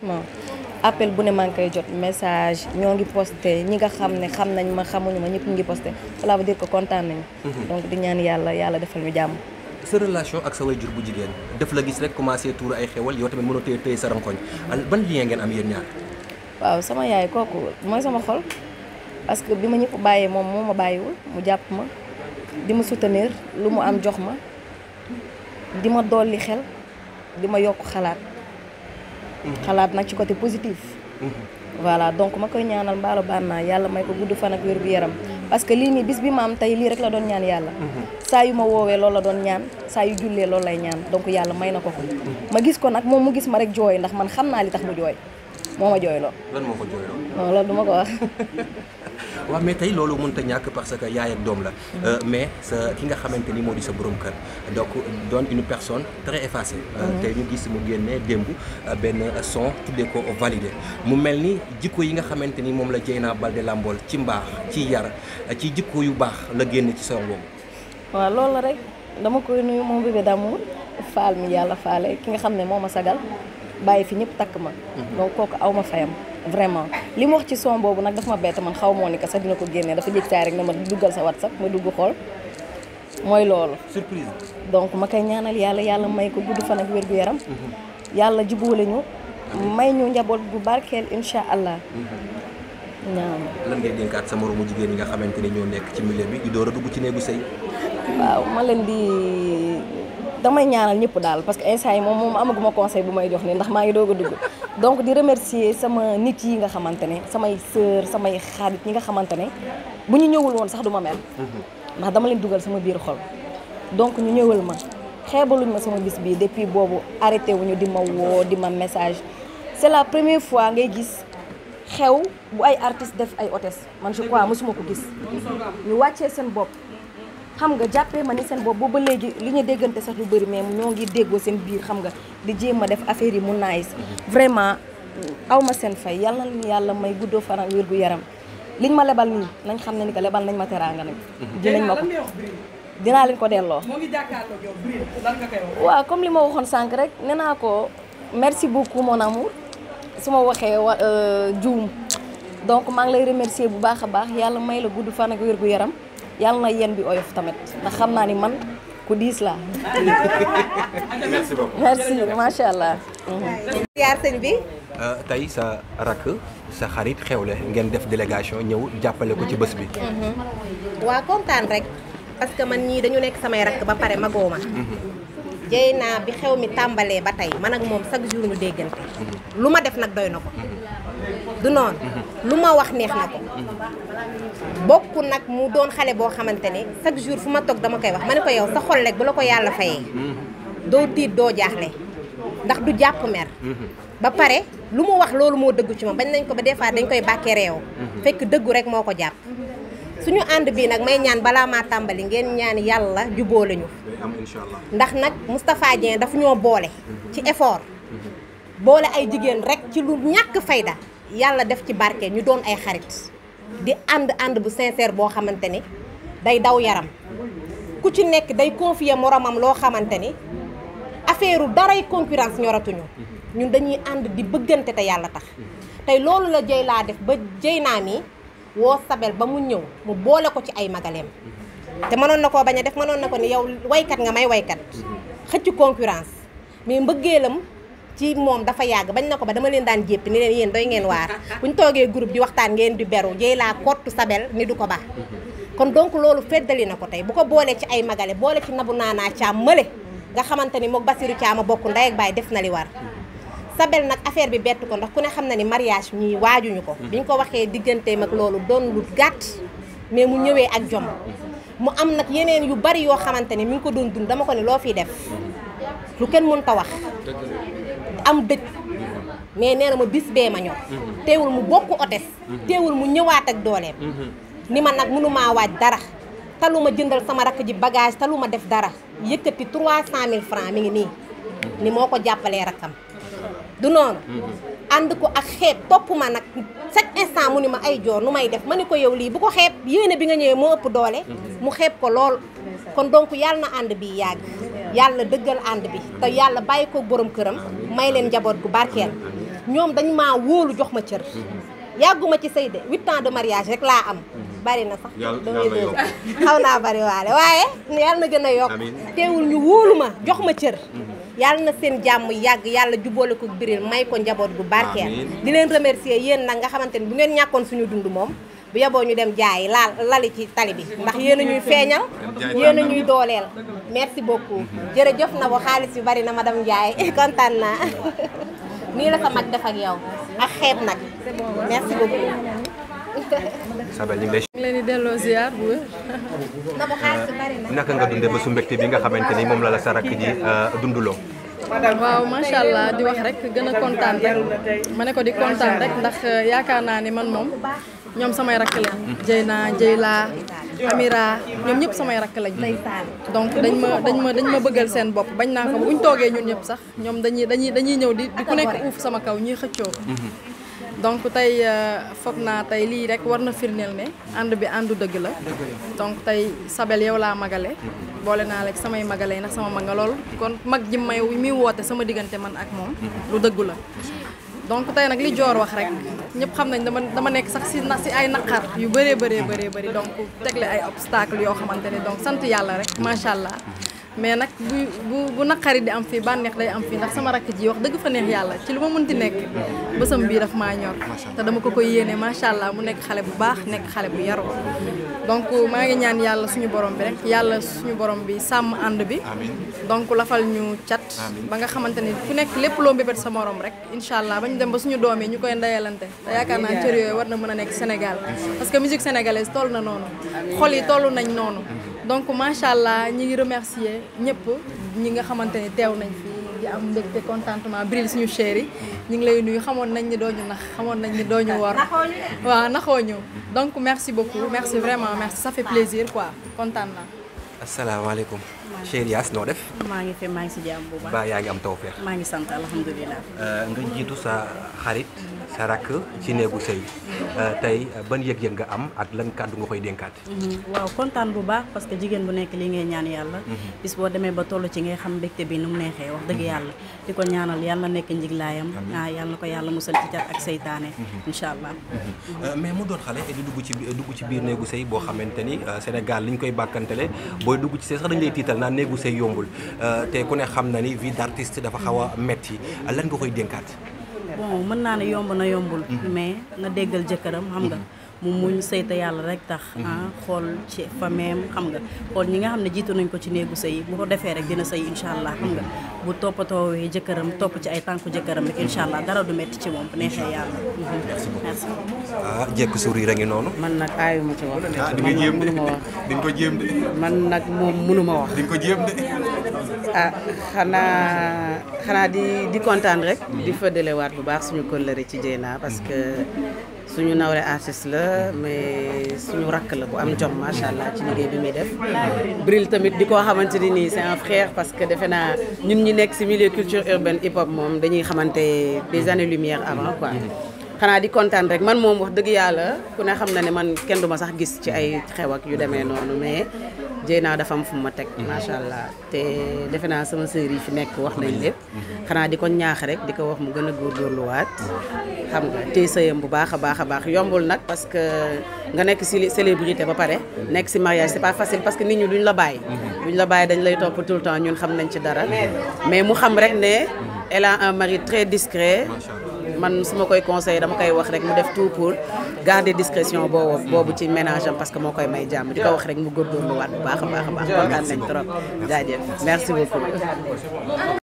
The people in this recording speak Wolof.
bon appel bu ne maa ngi jot message ñoo ngi posté ñi nga xam ne xam nañ ma xamuñu ma ñëpp ngi posté cela veut dee ko kontaan nañu. Mhm. donc di ñaan yàlla yàlla defal ñu jàmm. sa relation ak sa wayjur bu jigéen def la gis rek commencé tuur ay xewal yow tamit mënoo téye téye sa rankoñ ban lien ngeen am yéen ñaar. waaw sama yaay kooku mooy sama xol parce que bi ma ñëpp bàyyee moom moo ma bàyyiwul mu jàpp ma di ma soutenir lu mu am jox ma di ma dolli xel di ma yokk xalaat. xalaat nag ci côté positif. voilà donc ma koy ñaanal mbaalo baan naa yàlla may ko gudd fan ak wér gu yaram parce que lii nii bis bi ma am tey lii rek la doon ñaan yàlla. Mhm. saa yu ma woowee loolu la doon ñaan saa yu jullee lool lay ñaan donc yàlla may na ko ko. ma gis ko nag moom mu gis ma rek jooy ndax man xam naa li tax mu jooy moo a jooyloo. lan moo ko wax. waaw mais tey loolu mënut a ñàkk parce que yaay ak doom la. Mhm. Euh, mais sa ki nga xamante ni moo di sa borom kër donc doon une personne très effacée. Euh, mhm. te ñu gis mu génne démb euh, benn son tuddee ko validé mu mel ni jikko yi nga xamante ni moom la Dieyna Baldé làmbool ci mbaax ci yar ci jikko yu baax la génn ci son boobu. waaw loolu rek dama koy nuyu moom bébé d'amour faal mi yàlla faale ki nga xam ne moo ma sagal. bàyyi fi ñëpp takk ma. Mhm. donc kooku aw ma fayam vraiment li mu wax ci son boobu nag dafa ma bett man xaw moo ni que sax dina ko génnee dafa jëkk saa rek ne ma duggal sa WhatsApp ma dugg xool mooy loolu. surprise donc ma koy ñaanal yàlla yàlla may ko gudd fan ak wér gu yaram. Mhm. yàlla jubóole ñu. may ñu njaboot bu barkeel incha allah. Mhm. naam. lan ngay dénkaat sa moromu jigéen yi nga xamante ni ñoo nekk ci milieu bi di door a dugg ci néegu sëy. waaw ma leen di. damay ñaanal ñëpp daal parce que instant yi moom moom amaguma conseil bu may jox nii ndax maa ngi doog a dugg donc di remercier sama nit yi nga xamante ne samay sœur samay xarit ñi nga xamante ne bu ñu ñëwul woon sax du ma mel ndax dama leen dugal sama biir xol donc ñu ñëwal ma xeebaluñ ma sama bis bii depuis boobu arrêté wuñu di ma woo di ma message c'est la première fois ngay gis xew bu ay artistes def ay hôtesse man je crois mosuma ko gis ñu wàccee seen bopp xam nga jàppee ma ni seen boobu ba léegi li ñu déggante sax lu bëri mais ñoo ngi déggoo seen biir xam nga di jéem a def affaire yi mu naaj. vraiment aw ma seen fay yal na yàlla may guddoo faram wér gu yaram liñ ma lebal nii nañ xam ne ni que lebal nañ ma teraanga nag. Mhm. dinañ ma ko dinaa leen ko delloo. moo ngi jàkkaarloo comme li ma waxoon sànq rek nee naa ko merci beaucoup mon amour su ma waxee wa euh, juum. donc maa ngi lay remercier bu baax a baax yàlla may la gudd fan ak wér-gu-yaram yàlla na yéen bi oyof tamit ndax xam naa ni man ku diis laa. macha allah. ziar sëñ bi. Euh, tey sa rakk sa xarit xewle ngeen def délégation ñëw jàppale ko ci bës bi. Mhm. waa kontaan rek parce que man ñii dañu nekk samay rakk ba pare magoo ma. Mhm. jëy naa bi xew mi tàmbalee ba tey man ak moom chaque jour ñu déggante. Mhm. lu ma def nag doy na ko. du noonu. lu ma wax neex na ko bokk nag mu doon xale boo xamante ne chaque jour fu ma toog dama koy wax ma ne ko yow sa xol rek bu la ko yàlla fayee doo tiit doo jaaxle ndax du jàpp mer ba pare lu mu wax loolu moo dëggu ci moom bañ nañ ko ba des fois dañ koy bàkkee réew fekk dëggu rek moo ko jàpp suñu ànd bii nag may ñaan balaa ma tàmbali ngeen ñaan yàlla juboo lañu ndax nag Moustapha Dieng dafa ñoo boole ci effort boole ay jigéen rek ci lu ñàkk fayda yàlla def ci barke ñu doon ay xarit di ànd ànd bu sincère boo xamante ni day daw yaram ku ci nekk day confier moromam loo xamante ni affaire daray concurrence ñoratuñu ñun dañuy ànd di bëggante te yàlla tax tey loolu la jëy laa def ba jëy naa mi woo Sabel ba mu ñëw mu boole ko ci ay magaleem te mënoon na koo bañ a def mënoon na ko ni yow waykat nga may woykat xëcc concurrence mais mbëggeelam ci moom dafa yàgg bañ na ko ba dama leen daan jéppi ni leen yéen doy ngeen waar buñ toogee groupe di waxtaan ngeen di beru jéy laa kottu sabel ni du ko baax kon donc loolu feddali na ko tey bu ko boolee ci ay magale boole ci nabu naanaa caam mële nga xamante ni mook Basiru caam bokk ndey ak baay def na li war sabel nag affaire bi bett ko ndax ku ne xam na ni mariage ñii waajuñu ko biñ ko waxee digganteem ak loolu doon lu gàtt mais mu ñëwee ak jom mu am nag yeneen yu bari yoo xamante ni mi ngi ko doon dund dama ko ne loo fiy def lu kenn mën ta wax am dëj mais nee na ma bis bee ma ñor teewul mu bokk otes teewul mu ñëwaat ak dooleem ni ma nag mënumaa waaj dara talu ma jëndal sama rakk ji bagage talu ma def dara yëkkati trois cent mille francs mi ngi nii ni moo ko jàppalee rakkam du noonu ànd ko ak xeeb topp ma nag chaque instant mu ni ma ay joor nu may def ma ni ko yow lii bu ko xeeb yéene bi nga ñëwee moo ëpp doole mu xeeb ko lool kon donc yàlla ànd bi yàgg yàlla dëggal ànd bi te yàlla bàyyi ko borom këram may leen njaboot gu barkeel ñoom dañ maa wóolu jox ma cër yàgguma ci sëy de huit de mariage rek laa am bari na sax damay dégg xaw naa bariwaale waale waaye yàlla na gën a yokk teewul ñu wóolu ma jox ma cër yàlla na seen jàmm yàgg yàlla jubboole ko biril may ko njaboot gu barkeel di leen remercier yéen nag nga xamante ni bu ngeen ñàkkoon suñu dund moom bu yeboo ñu dem jaay laal lali ci tali bi ndax yéen a ñuy feeñal yéen a ñuy dooleel merci beaucoup jërëjëf na bu xaalis bi bari na madame Ndiaye kontaan naa nii la sa mag def ak yow ak xeet nag merci beaucoup naka nga dundee ba su mbégte bi nga xamante ni moom la la sarak ji euh, dunduloo. waaw macha allah di wax rek gën a kontaan rek ma ne ko di kontaan rek ndax euh, yaakaar naa ni man moom. ñoom samay rakk lañ Jeyna Jeyla Amira ñoom ñëpp samay rakk lañ donc dañ ma dañ ma dañ ma bëggal seen bopp bañ naa ko bu ñu toogee ñun ñëpp sax ñoom dañuy dañuy dañuy ñëw di di ku nekk uuf sama kaw ñuy xëccoo mhm. donc tey euh, foog naa tey lii rek war na firneel ne ànd bi àndu dëgg la donc tey Sabel yow laa magale mhm. boole naa rek samay magale nag sama mag nga lool kon mag ji may mi woote sama diggante man ak moom mhm. lu dëgg la donc tey nag li joor wax rek ñëpp xam nañ dama dama nekk sax si na si ay naqar yu bëree bëree bëree bëri donc tegle ay obstacle yoo xamante ne donc sant yàlla rek macha allah mais nag bu bu bu naqari di am fii bànneex day am fii ndax sama rakk ji wax dëgg fa neex yàlla ci lu ma mënti nekk bésam bii daf maa ñor te dama ko koy yéene macha allah mu nekk xale bu baax nekk xale bu yaroo donc maa ngi ñaan yàlla suñu borom bi rek yàlla suñu borom bi sàmm ànd bi. donc lafal ñu cat. ba nga xamante ni ku nekk lépp loo mbébét sa morom rek incha allah ba ñu dem ba suñu doom yi ñu koy ndeyalante. te yaakaar naa cër yooyu war na mën a nekk Sénégal. parce que musique sénégalaise toll na noonu. xol yi toll nañ noonu. donc macha allah ñi ngi remercier ñëpp ñi nga xamante ni teew nañ fii di am mbégte contentement bril suñu chéri yi ñu ngi lay nuyu xamoon nañ ni dooñu nax xamoon nañ ni dooñu wor waaw naxoo ñu donc merci beaucoup merci vraiment merci ça fait plaisir quoi kontaan naa asalaamaaleykum Cheikh Yaas noo def. maa ngi fi maa ngi si jàmm bu baax. ba yaa ngi am tawfeex. maa ngi sant alhamdulilah. Euh, nga jiitu sa xarit sa rakk ci néegu sëy euh, tey ban yëg-yëg nga am ak lan kàddu nga koy dénkaat. Mhm. waaw kontaan bu baax parce que jigéen bu nekk lii ngay ñaan yàlla. Mhm. bis boo demee ba toll ci ngay xam mbégte bi nu mu neexee wax dëgg mhm. yàlla di ko ñaanal yàlla nekk njiglaayam. amiin ah, yàlla na ko yàlla musal ci cat ak seytaane. incha allah. Euh, mais mu doon xale di dugg ci dugg ci biir néegu sëy boo xamante ni Sénégal liñ koy bàkkantele naa négocier yombul euh, te ku ne xam na ni vie d'artiste dafa xaw a metti lan nga koy dénkaat. bon mën naa ne yomb na yombul. Mm-hmm. mais nga déggal jëkkëram xam nga. Mm-hmm. moom moo ñu yàlla rek tax mhm. ah, xool ci fameem xam nga xool ñi nga xam ne jiitu nañ ko ci néegu sëy bu ko defee rek dina sëy incha allah xam nga bu toppatoowee jëkkëram topp ci ay tànku jëkkëram rek incha allah dara du metti ci moom bu neexee yàlla mhm. rek ah, ngi noonu man nag aayu ma ci wax ah, di nga jéem de ko jéem man nag moom mënu ma wax di ko jéem de di di kontaan rek mhm. di fëddalewaat bu baax suñu kóllëre ci Dieyna parce que suñu nawle artiste la mais suñu rakk la bu am jom macha allah ci liggéey bi muy def. Bril tamit di koo xamante ni nii c'est un frère parce que defe naa ñun ñi nekk ci milieu culture urbaine hip hop moom dañuy xamante des années lumière avant quoi. xanaa di kontaan rek man moom wax dëgg yàlla ku ne xam na ne man kenn duma sax gis ci ay xew ak yu demee noonu mais. naa dafa am fu ma teg mhm. macha allah te defe naa sama sœur yi fi nekk wax nañ lépp mhm. Mhm. xanaa di ko ñaax rek di ko wax mu gën a góorgóorluwaat xam nga tey sëyam bu baax a baax a baax yombul nag parce que nga nekk si célébrité ba pare nekk si mariage c'est pas facile parce que nit ñi duñ la bàyyi duñ la bàyyi dañ lay topp tout le temps ñun xam nañ ci dara mais mu xam rek ne elle a un mari très discret man su ma koy conseillé dama koy wax rek mu def tout pour garder discrétion boobu boobu ci ménage am parce que moo koy may jàmm di ko wax rek mu góorgóorlu waat bu baax a baax a baax kontaan trop jaajëf merci beaucoup